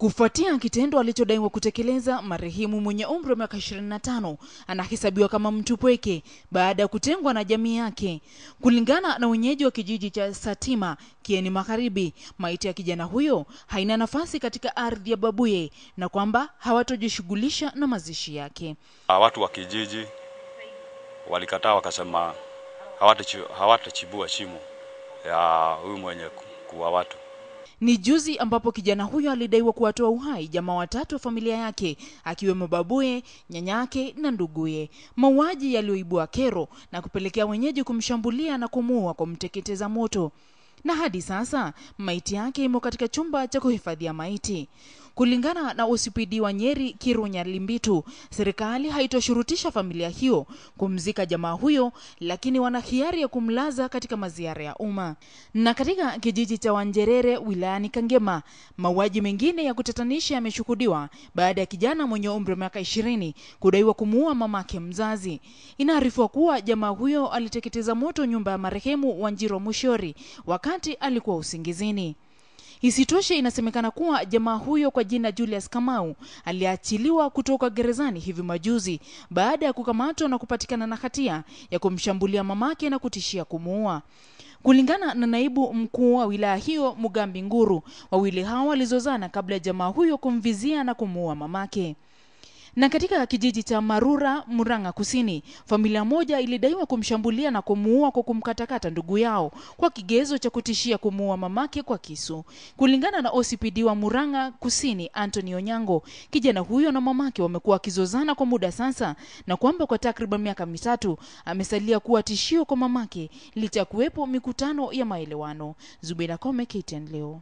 Kufuatia kitendo alichodaiwa kutekeleza, marehemu mwenye umri wa miaka 25 anahesabiwa kama mtu pweke baada ya kutengwa na jamii yake. Kulingana na wenyeji wa kijiji cha Satima, Kieni Magharibi, maiti ya kijana huyo haina nafasi katika ardhi ya babuye na kwamba hawatojishughulisha na mazishi yake. Ah, watu wa kijiji walikataa, wakasema hawatachibua shimo ya huyu mwenye kuwa watu. Ni juzi ambapo kijana huyo alidaiwa kuwatoa uhai jamaa watatu wa familia yake akiwemo babuye, nyanyake na nduguye, mauaji yaliyoibua kero na kupelekea wenyeji kumshambulia na kumuua kwa mteketeza moto na hadi sasa maiti yake imo katika chumba cha kuhifadhia maiti. Kulingana na OCPD wa Nyeri Kirunya Limbitu, serikali haitoshurutisha familia hiyo kumzika jamaa huyo, lakini wana hiari ya kumlaza katika maziara ya umma. Na katika kijiji cha Wanjerere wilayani Kangema, mauaji mengine ya kutatanisha yameshuhudiwa baada ya kijana mwenye umri wa miaka ishirini kudaiwa kumuua mamake mzazi. Inaarifiwa kuwa jamaa huyo aliteketeza moto nyumba ya marehemu Wanjiro Mushori wakati alikuwa usingizini. Isitoshe, inasemekana kuwa jamaa huyo kwa jina Julius Kamau aliachiliwa kutoka gerezani hivi majuzi baada ya kukamatwa na kupatikana na hatia ya kumshambulia mamake na kutishia kumuua. Kulingana na naibu mkuu wa wilaya hiyo Mugambi Nguru, wawili hao walizozana kabla ya jamaa huyo kumvizia na kumuua mamake. Na katika kijiji cha Marura, Murang'a Kusini, familia moja ilidaiwa kumshambulia na kumuua kwa kumkatakata ndugu yao kwa kigezo cha kutishia kumuua mamake kwa kisu. Kulingana na OCPD wa Murang'a Kusini, Anthony Onyango, kijana huyo na mamake wamekuwa wakizozana kwa muda sasa, na kwamba kwa takriban miaka mitatu amesalia kuwa tishio kwa mamake licha ya kuwepo mikutano ya maelewano. zubeda Kome, KTN Leo.